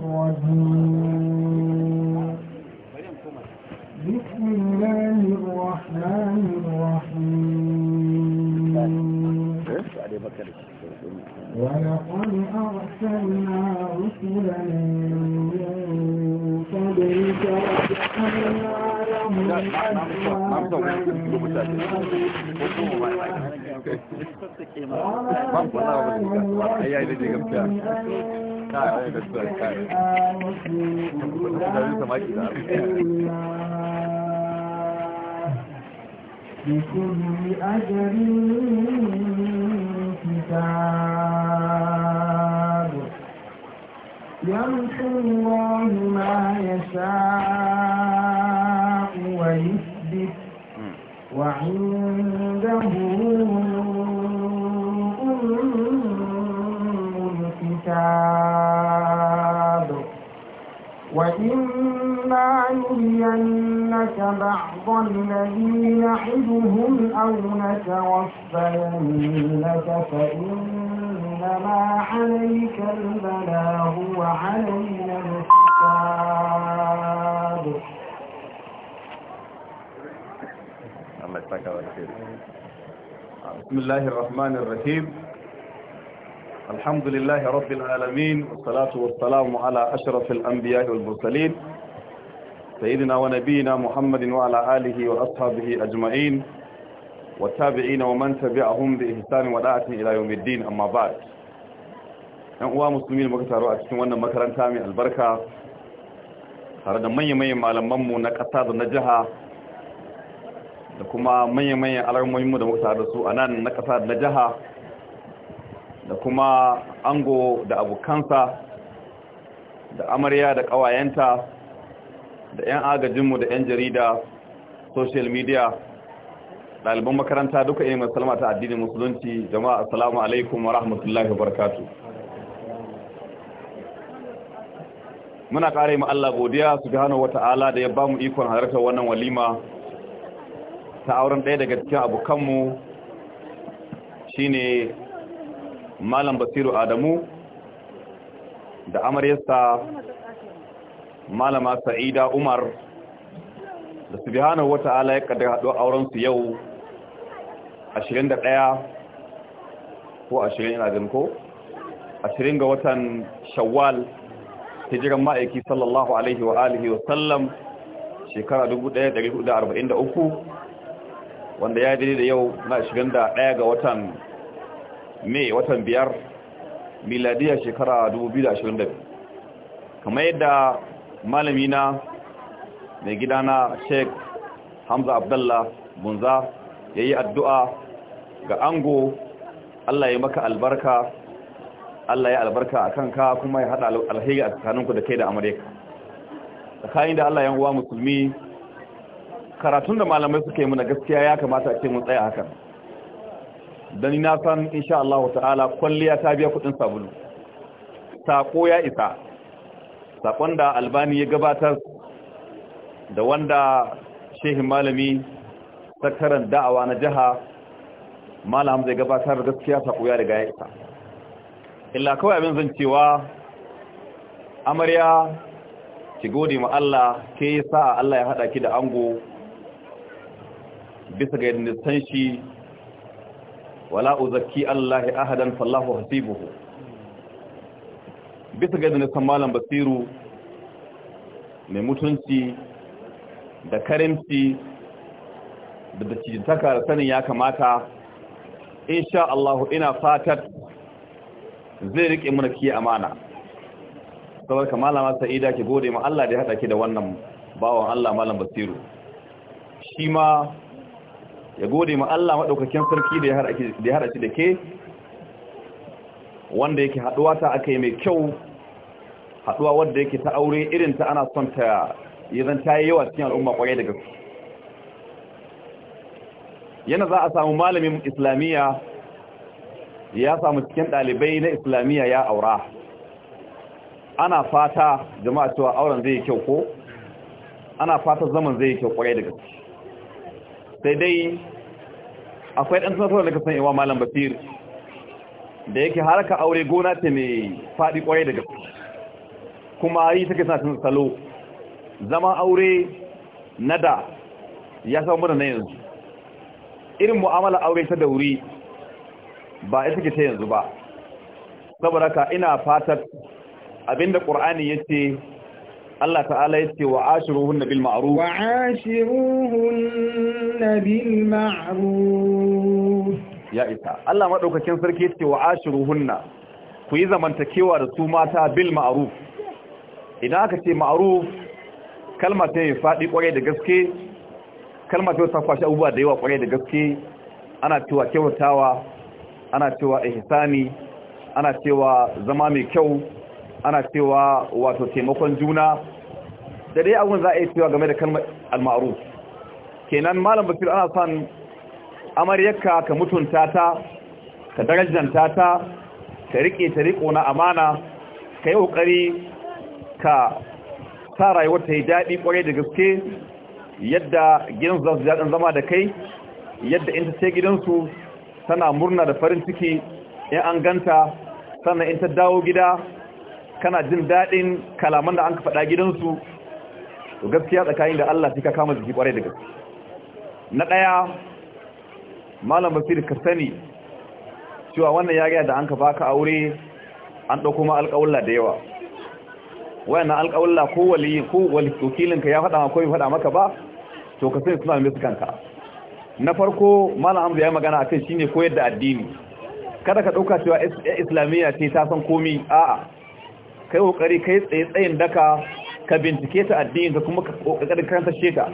الرجيم بسم الله الرحمن الرحيم ولقد أرسلنا رسلا من قبلك وجعلنا لهم أزواجا وما كانوا بكل أجر كتاب يمحو الله ما يشاء ويثبت وعنده ولا بعض الذي نعدهم أو نتوفينك فإنما عليك البلاغ وعلينا الحساب بسم الله الرحمن الرحيم الحمد لله رب العالمين والصلاة والسلام على أشرف الأنبياء والمرسلين سيدنا ونبينا محمد وعلى آله وأصحابه أجمعين والتابعين ومن تبعهم بإحسان وداعة إلى يوم الدين أما بعد taru مسلمين مكتاروا أتكون مكران تامي البركة tare da manya-manyan malamanmu na ƙasa da na jiha da kuma manya-manyan alamominmu da muka da su a nan na ƙasa da na jiha da kuma ango da abokansa da amarya da ƙawayenta da 'yan agajinmu da 'yan jarida social media ɗaliban makaranta duka yin musulma ta addinin musulunci jama'a assalamu alaikum wa rahmatullahi wa muna ƙare mu Allah godiya su gano wata'ala da ya ba mu ikon halartar wannan walima ta auren ɗaya daga cikin abokanmu shi ne malam basiru adamu da amaryarsa malama sa'ida umar da su wata ala ya kaddara haɗuwar aurensu yau 21 ko 20 ina jin ko 20 ga watan shawwal hijiran ma'aiki sallallahu alaihi wa alihi wa sallam shekara 1443 wanda ya daidai da yau na 21 ga watan mai watan biyar miladiyar shekara 2022 kamar yadda malami na mai na sheik hamza Abdullah bunza ya yi addu'a ga ango allah ya maka albarka allah ya albarka a kanka kuma ya haɗa alheri a tsakaninku da kai da amurka tsakanin da allah ya uwa musulmi karatun da malamai suka yi muna gaskiya ya kamata a ce mun tsaya hakan don na san insha Allah ta'ala kwalliya ta biya kudin sabulu sako ya isa sakon da albani ya gabatar da wanda shehin malami sakaran da'awa na jiha malam zai gabatar da gaskiya sako ya riga ya isa illa kawai abin zan cewa amarya ki gode ma Allah ke yi sa'a Allah ya haɗa ki da ango bisa ga yadda san shi wala uzaki, Allah ahadan sallahu hasibuhu bisa ga yadda san malam basiru mai mutunci da karimci da da cijintaka da sanin ya kamata insha Allah ina fatar zai rike mana kiyi amana saboda malama sa'ida ki gode ma Allah da ya hada ki da wannan bawan Allah malam basiru shi ma ya gode ma Allah madaukakin sarki da ya hada ki da ke wanda yake haduwa ta aka yi mai kyau haduwa wanda yake ta aure irin ta ana son ta yi zan ta yi yawa cikin al'umma kwarai daga su. yana za a samu malamin islamiyya ya samu cikin ɗalibai na islamiyya ya aura ana fata jama'a cewa auren zai yi kyau ko ana fata zaman zai yi kyau kwarai daga su. sai dai akwai ɗan tunatarwa da kasan iwa malam basir da yake ka aure gona ta mai faɗi ƙwaye daga kuma yi take suna cin salo zama aure na da ya sa mana na yanzu irin mu'amala aure ta dauri ba ya take ta yanzu ba saboda ka ina fatar abinda ƙur'ani ya ce Allah ta'ala ya ce wa ashiruhunna bil ma'aru wa ashiruhunna bil ma'aru ya isa Allah madaukakin sarki yace wa hunna ku yi zamantakewa da su mata bil ma'ruf idan aka ce ma'ruf kalma ta yi fadi kware da gaske kalma ta ta kwashi abubuwa da yawa kware da gaske ana cewa kyautawa ana cewa ihsani ana cewa zama mai kyau ana cewa wato taimakon juna da dai abun za a yi cewa game da kalmar al-ma'ruf kenan malam basir ana san amaryarka ka mutunta ta ka darajanta ta ka rike ta riko na amana ka yi ƙoƙari ka sa rayuwar ta yi daɗi kwarai da gaske yadda gidansu za su daɗin zama da kai yadda in ta ce gidansu tana murna da farin ciki in an ganta sannan in ta dawo gida kana jin daɗin kalaman da an ka faɗa gidansu to gaskiya tsakanin da Allah shi ka kama jiki kwarai da gaske na ɗaya malam basir ka sani cewa wannan gaya da an ka baka aure an ɗauko ma alƙawulla da yawa wayannan alƙawulla ko waliyin ko wakilinka ya faɗa maka ko bai faɗa maka ba to ka sani suna mai sukanka na farko malam hamza ya yi magana a kai shine koyar da addini kada ka ɗauka cewa eh, islamiyya ce ta san komi a'a kai kokari kai tsaye tsayin daka ka bincike ta addini ka kuma ka kokarin karanta sheta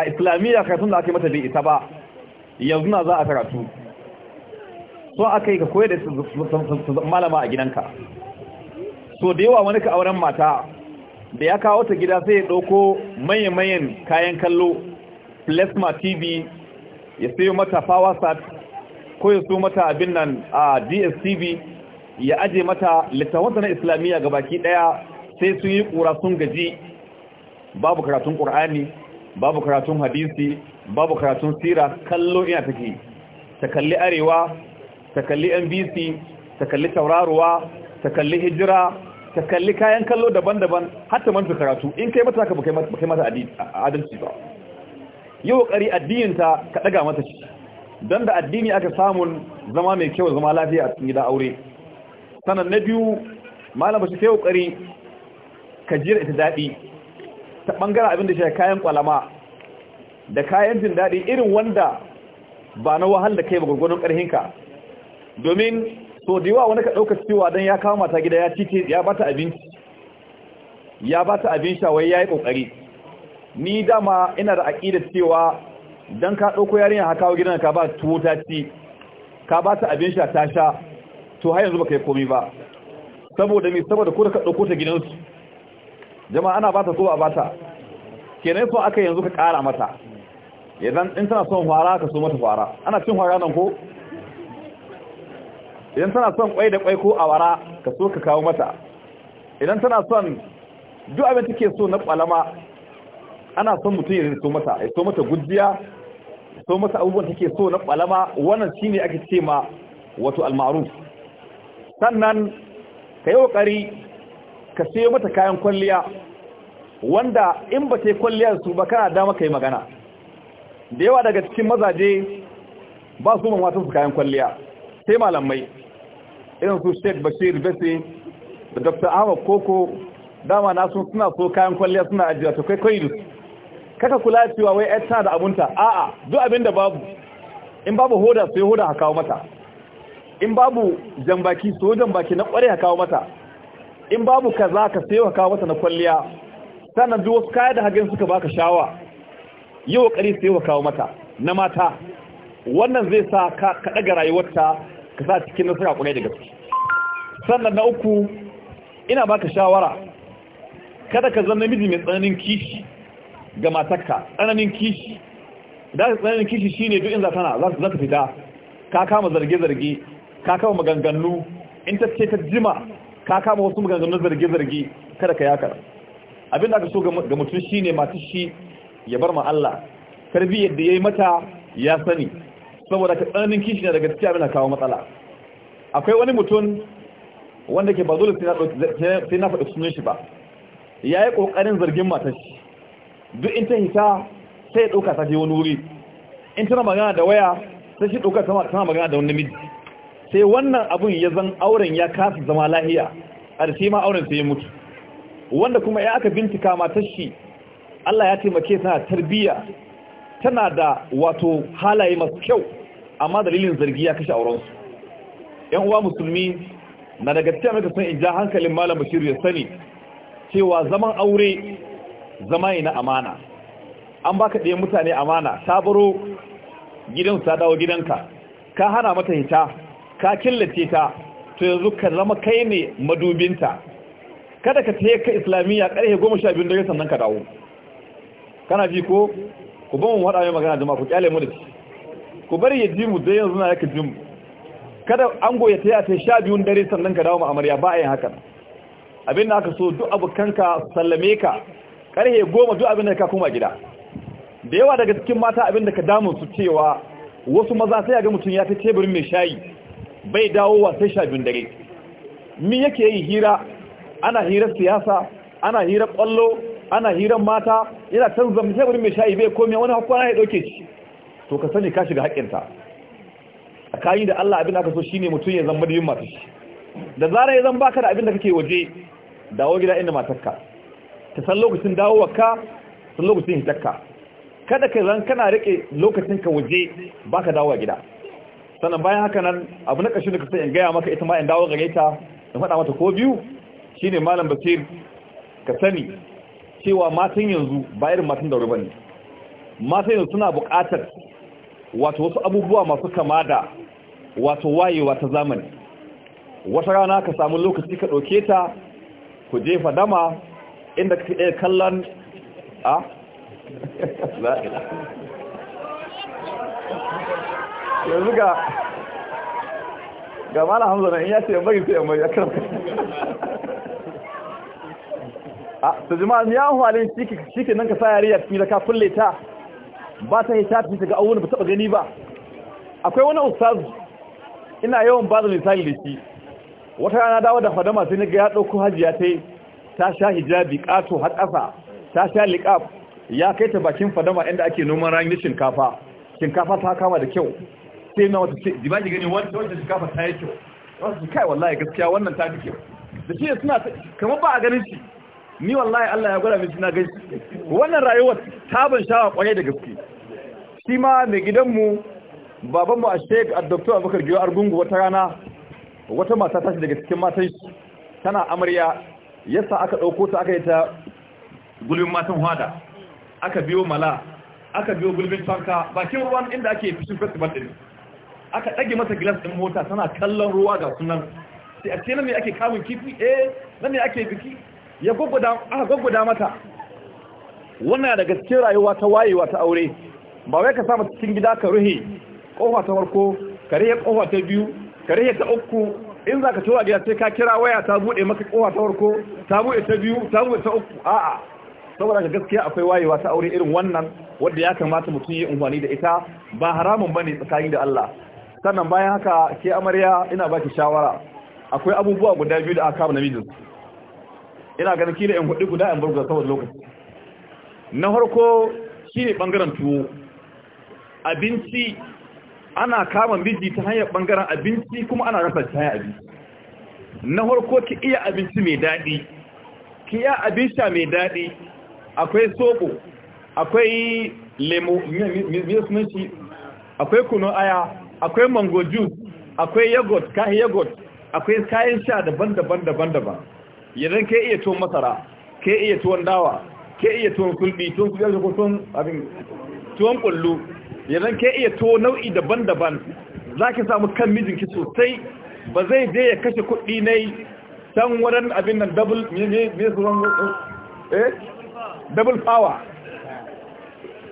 a islamiyya ka sun da aka yi mata bai isa ba yanzu na za a karatu so aka yi ka koyar da malama a gidanka so da yawa wani ka auren mata da ya kawo ta gida sai ya ɗauko manyan-manyan kayan kallo plasma tv ya sayo mata powersat ko ya so mata abin nan a dstv ya aje mata littafansa na islamiyya ga baki ɗaya sai sun yi ƙura sun gaji babu karatun ƙur'ani babu karatun hadisi babu karatun sira kallo ina take ta kalli arewa ta kalli nbc ta kalli tauraruwa ta kalli hijira ta kalli kayan kallo daban-daban hatta manta karatu in kai mata ka ba kai mata adalci ba yi ƙoƙari addininta ka ɗaga mata shi don da addini aka samun zama mai kyau zama lafiya a cikin gida aure sannan na biyu malama shi sai kokari ka jira ita daɗi ta bangara abin da shi kayan kwalama. da kayan jin daɗi irin wanda ba na wahala da kai ba gurgunan ƙarhinka domin so da yawa wani ka ɗauka cewa don ya kawo mata gida ya cike ya bata abinci ya bata abin shawai ya yi ƙoƙari ni dama ina da aƙidar cewa don ka ɗauko yarinya ha kawo gidan ka ba tuwo ta ci ka ba abin sha ta sha to har yanzu ba ka yi komi ba saboda mai saboda ko da ka ɗauko ta gidansu jama'a ana ba ta ko ba ba kenan so aka yanzu ka ƙara mata idan in tana son fara ka so mata fara ana cin fara nan ko idan tana son kwai da kwai ko awara ka so ka kawo mata idan tana son duk abin take so na kwalama ana son mutum ya so mata ya so mata gujiya so mata abubuwan take so na kwalama wannan shine ake ce ma wato al-ma'ruf sannan ka yi kokari ka sayo mata kayan kwalliya wanda in ba ta yi kwalliya su ba kana dama ka yi magana da yawa daga cikin mazaje ba su ma matansu kayan kwalliya sai malamai irin su sheik bashir bese da dr ahmad koko dama na sun suna so kayan kwalliya suna ajiya to kai kai kaka kula cewa wai ai tana da abunta a'a duk abin da babu in babu hoda sai hoda ha kawo mata in babu jambaki so jambaki na kware ha kawo mata in babu kaza ka sai ha kawo mata na kwalliya sannan duk wasu kaya da hagen suka baka shawa yi ƙari sai wa kawo mata na mata wannan zai sa ka ɗaga rayuwarta ka sa cikin nasara ƙunai daga su. sannan na uku ina baka shawara kada ka zama namiji mai tsananin kishi ga matakka tsananin kishi da tsananin kishi shine duk in za tana fita ka kama zarge-zarge ka kama maganganu in ta ce ta jima ka kama wasu maganganun zarge-zarge kada ka yakar abin da aka so ga mutum shine ne ya bar ma Allah tarbiyyar da yayi mata ya sani saboda ka tsananin kishi na daga cikin abin kawo matsala akwai wani mutum wanda ke ba dole sai na faɗi sunan shi ba yayi kokarin zargin matar shi duk in ta hita sai ya ɗauka ta je wani wuri in tana magana da waya sai shi ɗauka tana magana da wani namiji sai wannan abun ya zan auren ya kasa zama lahiya a da ma auren sai ya mutu wanda kuma ya aka bincika matar shi Allah ya taimake tana tarbiyya tana da wato halaye masu kyau amma dalilin zargi ya kashe aurensu ‘yan uwa musulmi na daga cikin amurka sun ija hankalin malam bashir ya sani cewa zaman aure zama ne na amana an baka ɗaya mutane amana ta baro gidansu ta dawo gidanka ka hana mata hita ka killace ta to yanzu ka zama kai ne madubinta kada ka taya ka islamiyya ƙarfe goma sha biyun dare sannan ka dawo kana ji ko ku ban wada mai magana jama'a ku kyale mu da shi ku bari ya ji mu dai yanzu na yake ji kada an goye ta ta sha biyun dare sannan ka dawo mu amarya ba a yin haka abin da aka so duk abokanka sallame ka karhe goma duk abin da ka koma gida da yawa daga cikin mata abin da ka damu su cewa wasu maza sai ga mutum ya ta teburin mai shayi bai dawowa sai sha biyun dare mi yake yi hira ana hirar siyasa ana hirar kwallo ana hiran mata yana can zama wani mai sha'i bai komai wani hakkwana ya dauke shi to ka sani ka shiga haƙƙinta kayi da Allah abin da aka so shi ne mutum ya zama da yin masu shi da zara ya zan baka da abin da kake waje dawo gida inda matarka ta san lokacin ka san lokacin hitarka kada ka zan kana rike lokacin ka waje baka dawo gida sannan bayan haka nan abu na ƙarshe da ka sai in gaya maka ita ma in dawo gare ta in faɗa mata ko biyu shine malam basir ka sani cewa matan yanzu bayar matan da ruba ne matan yanzu suna bukatar wato wasu abubuwa masu kama da wato wayewa ta zamani wata rana ka samu lokaci ka ɗauke ta ku jefa dama inda ka ɗaya kallon a yanzu ga gama na hamza na in ya ce bari sai mai ya karfa su ah, jama'a ya halin shike nan ka sa yariya cikin da ka kulle ta ba ta hita ta ga awon ba taba gani ba akwai wani ustaz ina yawan ba da misali da shi wata rana dawo da fadama sai naga ya dauko hajiya tai ta sha hijabi kato har kasa ta sha liqab ya kai ta bakin fadama inda ake noman rani shinkafa shinkafa ta kama da kyau sai na wata ce dibaji gani wata shinkafa ta yi kyau wasu kai wallahi gaskiya wannan ta fi kyau da shi suna kamar ba a ganin shi ni wallahi Allah ya gwada mintuna gaji wannan rayuwar ta ban shawa kwaye da gaske shi ma mai gidanmu babanmu a sheik a doktor abubakar giyo argungu wata rana wata mata tashi daga cikin matan tana amarya yasa aka ɗauko ta aka yi ta gulbin matan hada aka biyo mala aka biyo gulbin fanka bakin ruwan inda ake fishing festival ɗin aka ɗage masa gilas ɗin mota tana kallon ruwa ga sunan sai a ce nan ne ake kamun kifi eh nan ne ake biki ya gwaggwada mata wannan daga cikin rayuwa ta wayewa ta aure ba wai ka sa cikin gida ka ruhe kofa ta farko ka rihe kofa ta biyu ka rihe ta uku in za ka towa gida sai ka kira waya ta buɗe maka kofa ta farko ta buɗe ta biyu ta buɗe ta uku a'a saboda ga gaskiya akwai wayewa ta aure irin wannan wanda ya kamata mutum yi amfani da ita ba haramun ba ne tsakanin da Allah sannan bayan haka ke amarya ina baki shawara akwai abubuwa guda biyu da aka kama namijin ina ganin kila in hudu guda in burguza saboda lokaci na farko shine bangaren tuwo abinci ana kama miji ta hanyar bangaren abinci kuma ana rasa ta hanyar abinci na farko ki iya abinci mai daɗi ki iya abinci mai daɗi akwai soɓo akwai lemo miyasumanci akwai kuno aya akwai mango juice akwai yogurt kayan yogurt akwai kayan sha daban-daban daban-daban yanzu ke iya tuwon masara ke iya tuwon dawa ke iya tuwon kulbi tuwon kujar da tuwon abin tuwon kullu yanzu ke iya tuwo nau'i daban-daban za ki samu kan mijinki sosai ba zai je ya kashe kuɗi ne can wurin abin nan double eh? double power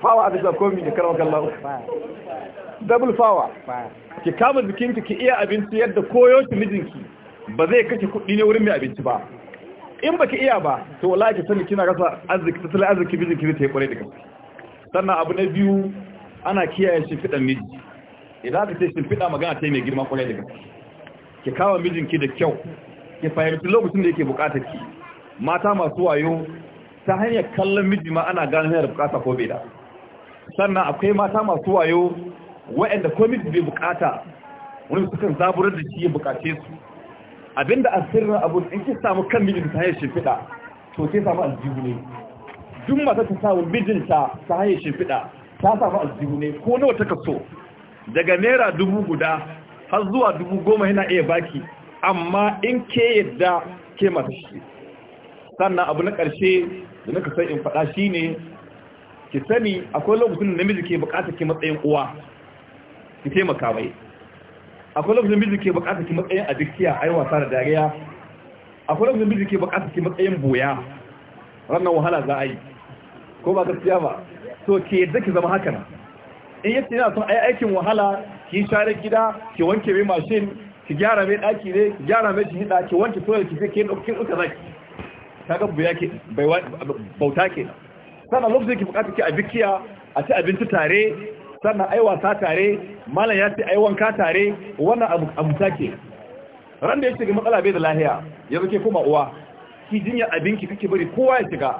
power a da komi ne karamar kallon double power ki kama jikinki ki iya abinci yadda koyo shi mijinki ba zai kashe kuɗi ne wurin mai abinci ba in baki iya ba to wallahi ki sani kina rasa arziki tattalin arziki bizin ki zai kware da sannan abu na biyu ana kiyaye shi fidan miji idan ka ce shi fida magana ta mai girma kware da gaske ki kawo mijinki da kyau ki fahimci lokacin da yake bukatar ki mata masu wayo ta hanyar kallon miji ma ana gano hanyar bukata ko bai da sannan akwai mata masu wayo wa'anda ko miji bai bukata wani sukan zaburar da shi ya bukace su abinda asirin abu in ki samu kan mijin ta hanyar shimfiɗa to ke samu aljihu ne duk mata ta samu mijinta ta hanyar shimfiɗa ta samu aljihu ne ko nawa ta kaso daga naira dubu guda har zuwa dubu goma yana iya baki amma in ke yadda ke mata shi sannan abu na ƙarshe da naka kasar in faɗa shi ne ki sani akwai lokacin da namiji ke bukata ke matsayin uwa ki taimaka mai akwai lokacin miji ke bukatar ki matsayin abikiya ai wasa da dariya akwai lokacin miji ke bukatar ki matsayin boya ranar wahala za a yi ko ba gaskiya ba so ke yadda ki zama haka in yace yana son ai aikin wahala ki share gida ki wanke mai mashin ki gyara mai daki ne ki gyara mai ki da ki wanke toilet ki ke dokin uka zaki kaga buya ke bauta ke sannan lokacin ki bukatar ki abikiya a ci abinci tare sannan ai wasa tare malam ya ce ai wanka tare wannan abu abu ke. ran da ya shiga matsala bai da lahiya ya ke kuma uwa ki jinya abinki kake bari kowa ya shiga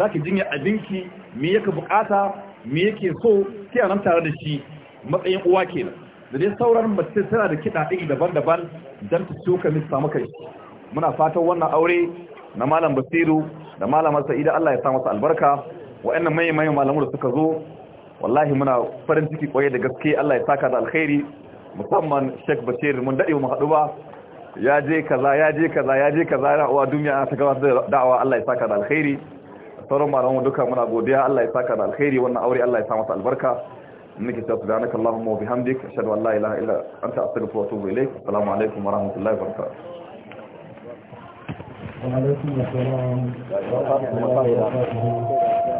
zaki jinya abinki me yake bukata me yake so ki nan tare da shi matsayin uwa kenan da dai sauran mace tana da kiɗa ɗin daban-daban don ta shuka mista maka shi muna fatan wannan aure na malam basiru da malamar sa'ida Allah ya sa masa albarka wa'annan mai mai malamu da suka zo wallahi muna farin ciki kwaye da gaske Allah ya saka da alkhairi musamman Sheikh Bashir mun dade mu haɗu ba ya je kaza ya je kaza ya je kaza yana uwa duniya ta gabatar da da'awa Allah ya saka da alkhairi sauran malaman duka muna godiya Allah ya saka da alkhairi wannan aure Allah ya sa masa albarka nake ta subhanaka allahumma wa bihamdik ashhadu an la ilaha illa anta astaghfiruka wa atubu ilaik assalamu alaikum wa rahmatullahi wa barakatuh وعليكم السلام ورحمة الله وبركاته